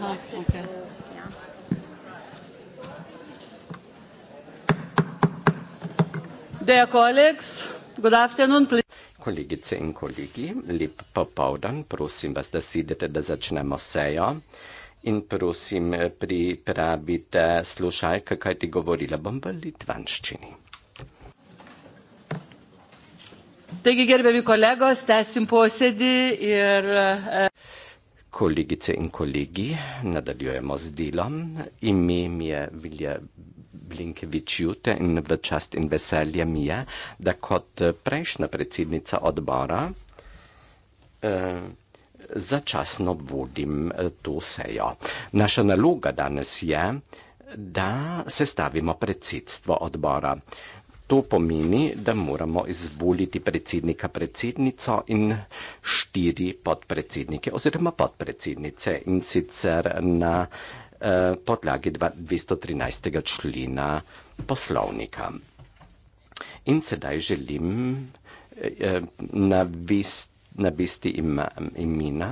Ja. Der Kollegs, good afternoon, please. Kolegice in kolegi, lep popovdan, prosim vas, da sedete, da začnemo sejo in prosim pripravite slušalke, kaj ti govorila bom v litvanščini. Taigi, gerbėmi kolegos, tesim posėdį ir... Uh, Kolegice in kolegi, nadaljujemo z delom. Ime mi je Vilje Blinkevič Jute in v čast in veselje mi je, da kot prejšnja predsednica odbora eh, začasno vodim eh, to sejo. Naša naloga danes je, da sestavimo predsedstvo odbora. Eh, To pomeni, da moramo izvoliti predsednika, predsednico in štiri podpredsednike oziroma podpredsednice in sicer na eh, podlagi 213. člena poslovnika. In sedaj želim eh, eh navesti, navesti im, imena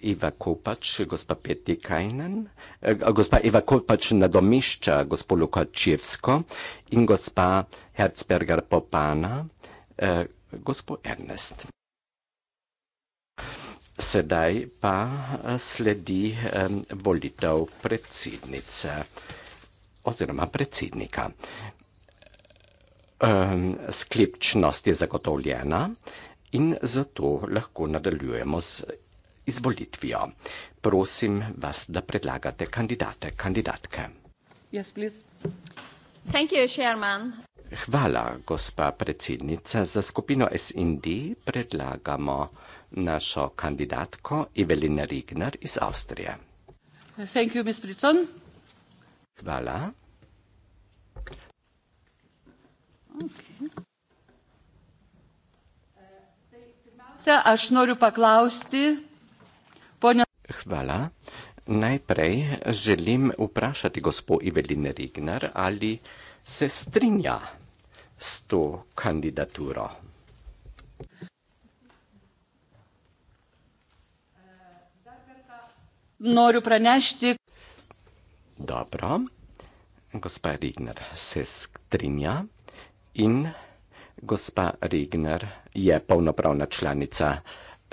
Eva Kopač, gospa Peti Kajnen, eh, gospa Eva Kopač nadomešča gospo Lukačevsko in gospa Herzberger Popana, eh, gospo Ernest. Sedaj pa eh, sledi eh, volitev predsednice oziroma predsednika. Eh, sklepčnost je zagotovljena in zato lahko nadaljujemo z izvolitvijo. Prosim vas, da predlagate kandidate, kandidatke. Yes, you, Hvala, gospa predsednica. Za skupino SND predlagamo našo kandidatko Evelina Rignar iz Avstrije. You, Hvala. Okay. Uh, tai, pirmiausia, aš noriu paklausti odzvala. Najprej želim vprašati gospod Ivelin Rignar, ali se strinja s to kandidaturo. Noriu pranešti. Dobro, gospa Rignar se strinja in gospa Rignar je polnopravna članica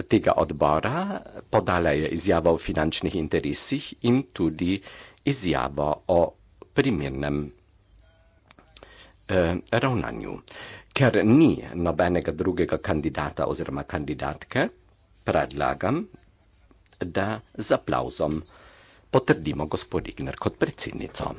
tega odbora podala je izjavo o finančnih interesih in tudi izjavo o primernem eh, ravnanju. Ker ni nobenega drugega kandidata oziroma kandidatke, predlagam, da z aplauzom potrdimo gospod Igner kot predsednico.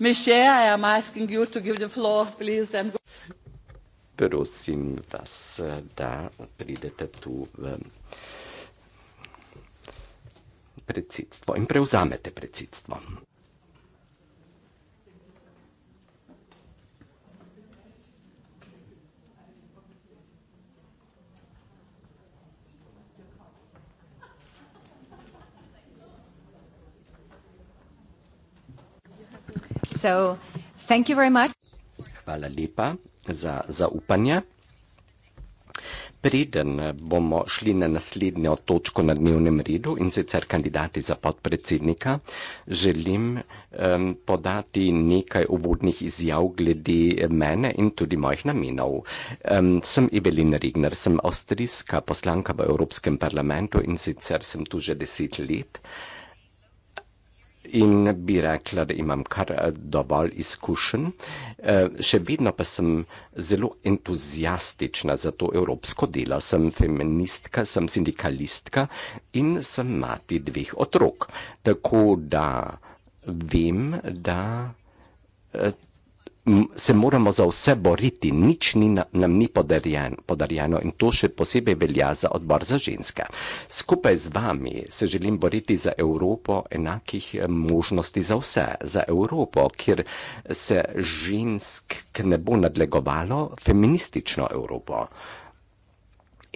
Michelle, I am asking you to give the floor, please. And Prosim vas, da pridete tu v predsedstvo in prevzamete predsedstvo. Hvala lepa za zaupanje. Preden bomo šli na naslednjo točko na dnevnem redu in sicer kandidati za podpredsednika, želim um, podati nekaj uvodnih izjav glede mene in tudi mojih namenov. Um, sem Evelin Regner, sem avstrijska poslanka v Evropskem parlamentu in sicer sem tu že deset let in bi rekla, da imam kar eh, dovolj izkušen. Eh, še vedno pa sem zelo entuzijastična za to evropsko delo. Sem feministka, sem sindikalistka in sem mati dveh otrok. Tako da vem, da eh, se moramo za vse boriti, nič ni na, nam ni podarjen, podarjeno in to še posebej velja za odbor za ženske. Skupaj z vami se želim boriti za Evropo enakih eh, možnosti za vse, za Evropo, kjer se žensk ne bo nadlegovalo, feministično Evropo.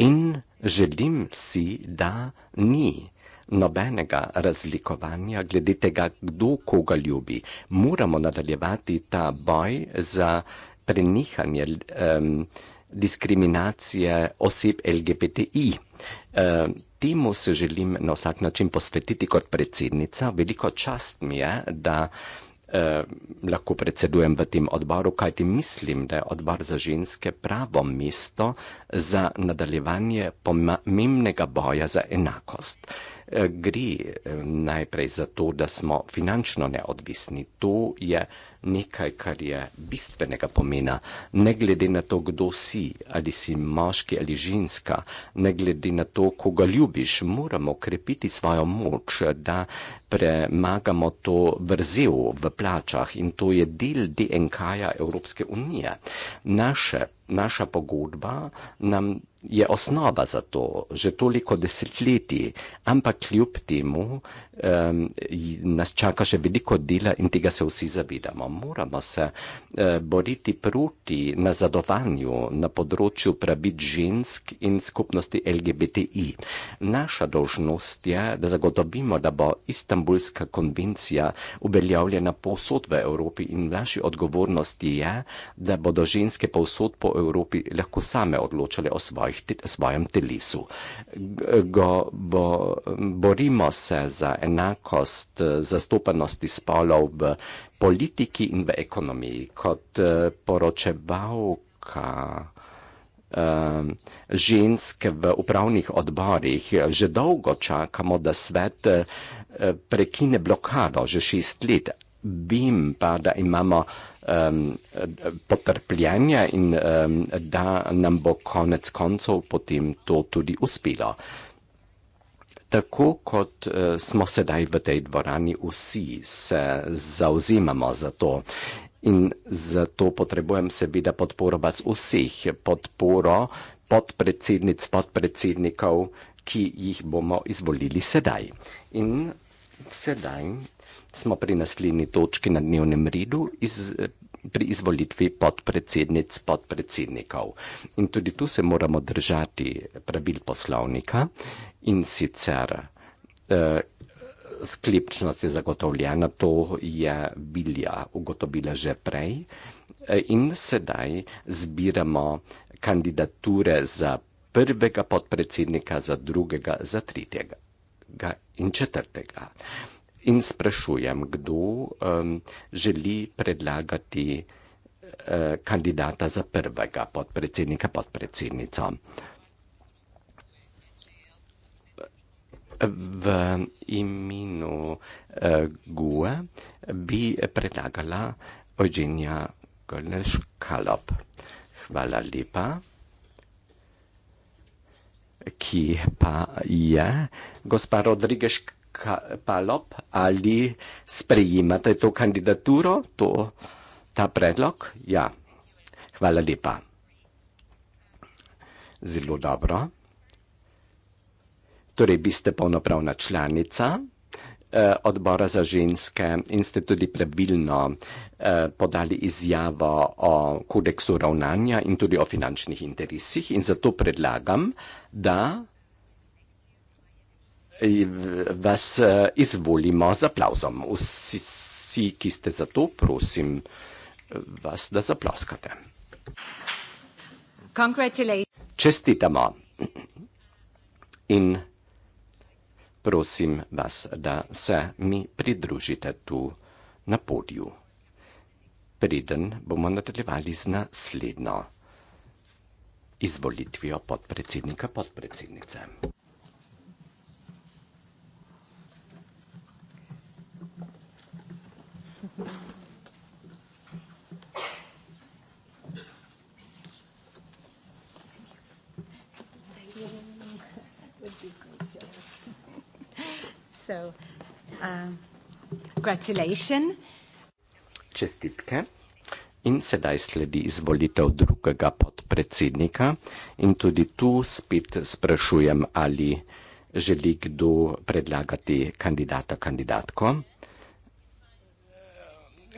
In želim si, da ni nobenega razlikovanja glede tega, kdo koga ljubi. Moramo nadaljevati ta boj za prenehanje um, diskriminacije oseb LGBTI. Um, temu se želim na vsak način posvetiti kot predsednica. Veliko čast mi je, da. Eh, lahko predsedujem v tem odboru, kajti mislim, da je odbor za ženske pravo mesto za nadaljevanje pomembnega boja za enakost. Eh, gre eh, najprej za to, da smo finančno neodvisni. To je nekaj, kar je bistvenega pomena, ne glede na to, kdo si, ali si moški ali ženska, ne glede na to, koga ljubiš, moramo krepiti svojo moč, da premagamo to vrzel v plačah in to je del DNK-ja Evropske unije. Naše, naša pogodba nam. Je osnova za to že toliko desetletij, ampak kljub temu um, nas čaka še veliko dela in tega se vsi zavedamo. Moramo se uh, boriti proti nazadovanju na področju pravic žensk in skupnosti LGBTI. Naša dožnost je, da zagotovimo, da bo Istanbulska konvencija uveljavljena povsod v Evropi in naši odgovornosti je, da bodo ženske povsod po Evropi lahko same odločale o svojih, svojem telesu. Go, bo, borimo se za enakost eh, zastopanosti spolov v politiki in v ekonomiji. Kot eh, poročevalka eh, žensk v upravnih odborih že dolgo čakamo, da svet prekine blokado, že šest let. Vem pa, da imamo um, potrpljenje in um, da nam bo konec koncev potem to tudi uspelo. Tako kot eh, smo sedaj v tej dvorani, vsi se zauzemamo za to. In zato potrebujem seveda podporo vas vseh, podporo podpredsednic, podpredsednikov, ki jih bomo izvolili sedaj. In sedaj smo pri naslednji točki na dnevnem redu pri izvolitvi podpredsednic, podpredsednikov. In tudi tu se moramo držati pravil poslovnika in sicer eh, sklepčnost je zagotovljena, to je Vilja ugotovila že prej eh, in sedaj zbiramo kandidature za prvega podpredsednika, za drugega, za tretjega in četrtega in sprašujem, kdo um, želi predlagati uh, kandidata za prvega podpredsednika, podpredsednico. V imenu uh, GUE bi predlagala Eugenija Gönes Kalop. Hvala lepa. Ki pa je gospa Rodrigeška ka, palop ali sprejimate to kandidaturo, to, ta predlog? Ja, hvala lepa. Zelo dobro. Torej, vi ste polnopravna članica eh, odbora za ženske in ste tudi pravilno eh, podali izjavo o kodeksu ravnanja in tudi o finančnih interesih. In zato predlagam, da vas eh, izvolimo z aplauzom. Vsi, vsi, ki ste za to, prosim vas, da zaploskate. Čestitamo in prosim vas, da se mi pridružite tu na podiju. Preden bomo nadaljevali z naslednjo izvolitvijo podpredsednika podpredsednice. So, uh, congratulations. Čestitke. In sedaj sledi izvolitev drugega podpredsednika. In tudi tu spet sprašujem, ali želi kdo predlagati kandidata, kandidatko.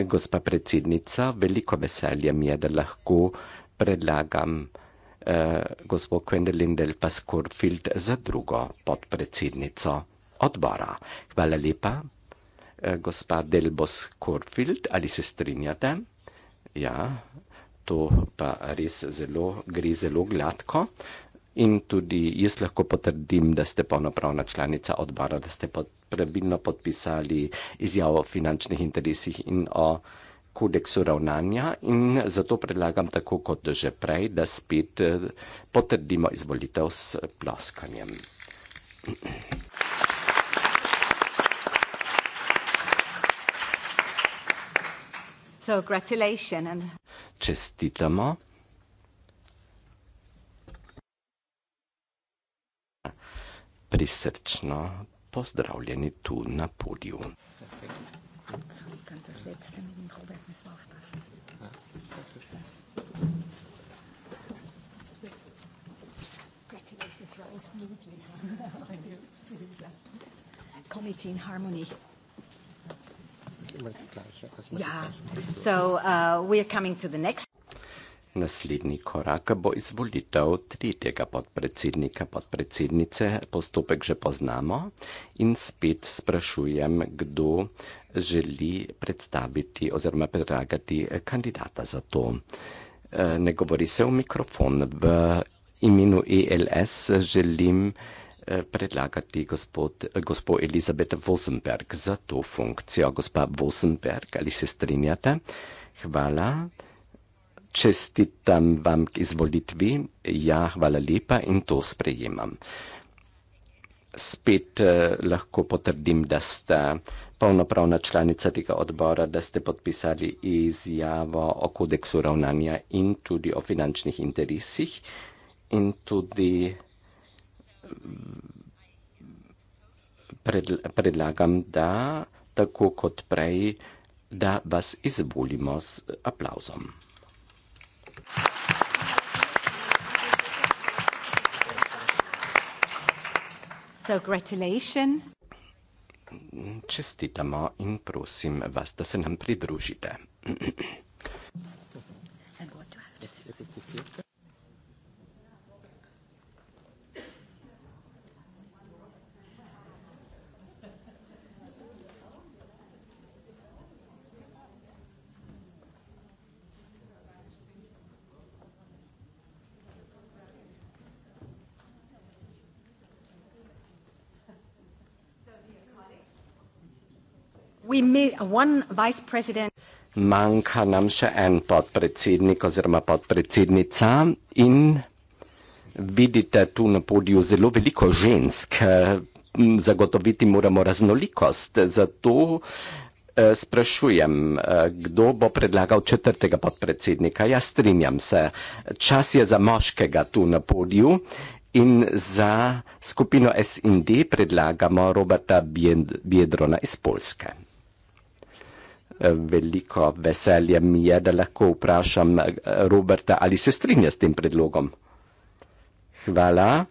Gospa predsednica, veliko veselje mi je, da lahko predlagam eh, gospod Kvendelin del Paskurfield za drugo podpredsednico odbora. Hvala lepa, eh, gospa del Boskurfield, ali se strinjate? Ja, to pa res zelo gre zelo gladko in tudi jaz lahko potrdim, da ste polnopravna članica odbora, da ste pod, pravilno podpisali izjavo o finančnih interesih in o kodeksu ravnanja in zato predlagam tako kot že prej, da spet eh, potrdimo izvolitev s ploskanjem. So, Čestitamo. prisrčno pozdravljeni tu na podiju. Committee in harmony. Ja, yeah. so uh, we are coming to the next. Naslednji korak bo izvolitev tretjega podpredsednika, podpredsednice. Postopek že poznamo in spet sprašujem, kdo želi predstaviti oziroma predlagati kandidata za to. Eh, ne govori se v mikrofon. V imenu ELS želim eh, predlagati gospod, gospod Elizabet Vosenberg za to funkcijo. Gospa Vosenberg, ali se strinjate? Hvala čestitam vam k izvolitvi, ja, hvala lepa in to sprejemam. Spet eh, lahko potrdim, da ste polnopravna članica tega odbora, da ste podpisali izjavo o kodeksu ravnanja in tudi o finančnih interesih in tudi predlagam, da tako kot prej, da vas izvolimo z aplauzom. So Čestitamo in prosim vas, da se nam pridružite. Manjka nam še en podpredsednik oziroma podpredsednica in vidite tu na podiju zelo veliko žensk. Zagotoviti moramo raznolikost, zato eh, sprašujem, eh, kdo bo predlagal četrtega podpredsednika. Ja, strinjam se, čas je za moškega tu na podiju. In za skupino SND predlagamo Roberta Biedrona iz Polske veliko veselje mi je, da lahko vprašam eh, Roberta, ali se strinja s tem predlogom. Hvala,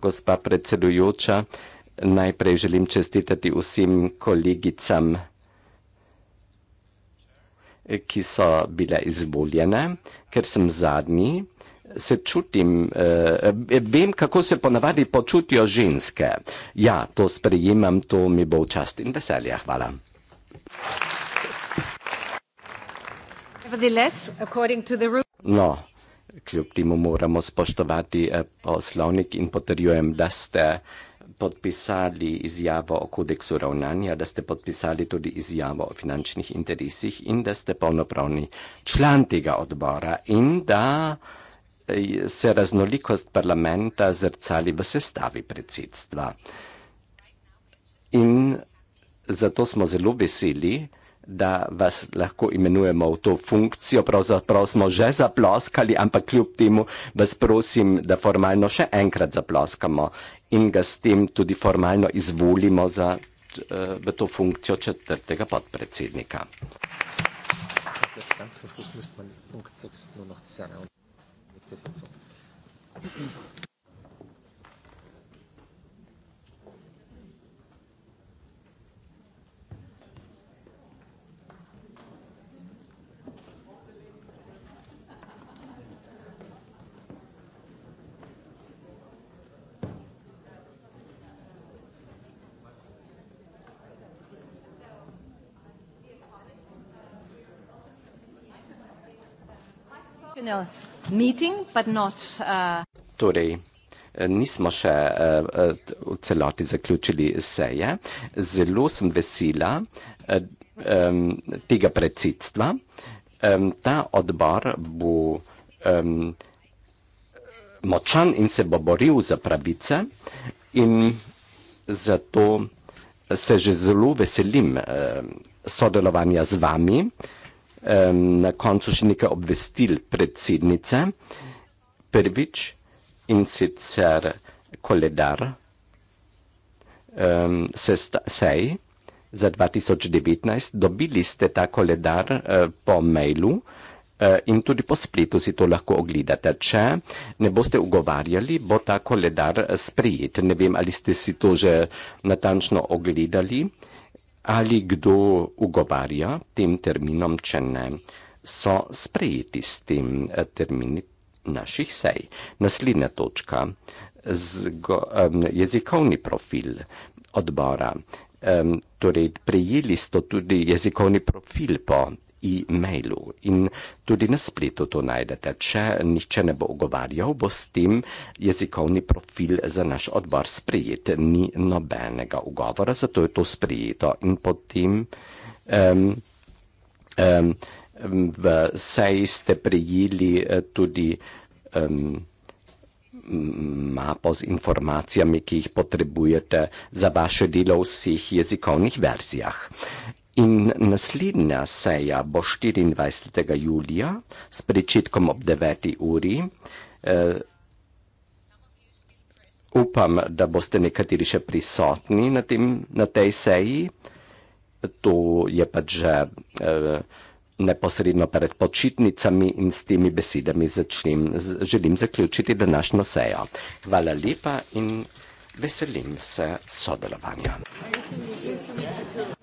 gospa predsedujoča. Najprej želim čestitati vsem kolegicam, ki so bile izvoljene, ker sem zadnji. Se čutim, eh, vem, kako se ponavadi počutijo ženske. Ja, to sprejemam, to mi bo v čast in veselje. Hvala. Thank you. No, kljub temu moramo spoštovati eh, poslovnik in potrjujem, da ste podpisali izjavo o kodeksu ravnanja, da ste podpisali tudi izjavo o finančnih interesih in da ste polnopravni član tega odbora in da eh, se raznolikost parlamenta zrcali v sestavi predsedstva. In zato smo zelo veseli, da da vas lahko imenujemo v to funkcijo. Pravzaprav smo že zaploskali, ampak kljub temu vas prosim, da formalno še enkrat zaploskamo in ga s tem tudi formalno izvolimo za, eh, v to funkcijo četrtega podpredsednika. Jetzt ganz zum Schluss müsste man Punkt 6 nur noch die Sache und nächste Sitzung. Uh, torej, nismo še uh, uh, v celoti zaključili seje. Zelo sem vesela um, tega predsedstva. Um, ta odbor bo um, močan in se bo boril za pravice in zato se že zelo veselim sodelovanja z vami in na koncu še nekaj obvestil predsednice. Prvič in sicer koledar um, sej za 2019. Dobili ste ta koledar uh, po mailu uh, in tudi po spletu si to lahko ogledate. Če ne boste ugovarjali, bo ta koledar sprejet. Ne vem, ali ste si to že natančno ogledali ali kdo ugovarja tem terminom, če ne, so sprejeti s tem eh, termini naših sej. Naslednja točka, zgo, um, jezikovni profil odbora. Um, torej, prejeli ste tudi jezikovni profil po e-mailu. In tudi na spletu to najdete. Če nihče ne bo ogovarjal, bo s tem jezikovni profil za naš odbor sprejet. Ni nobenega ugovora, zato je to sprejeto. In potem. Um, um, V seji ste prejeli eh, tudi um, mapo z informacijami, ki jih potrebujete za vaše delo v vseh jezikovnih verzijah. In naslednja seja bo 24. julija s pričetkom ob 9. uri. Eh, upam, da boste nekateri še prisotni na, tem, na tej seji. To je pač že eh, neposredno pred počitnicami in s temi besedami začnem, želim zaključiti današnjo sejo. Hvala lepa in veselim se sodelovanja. Hvala.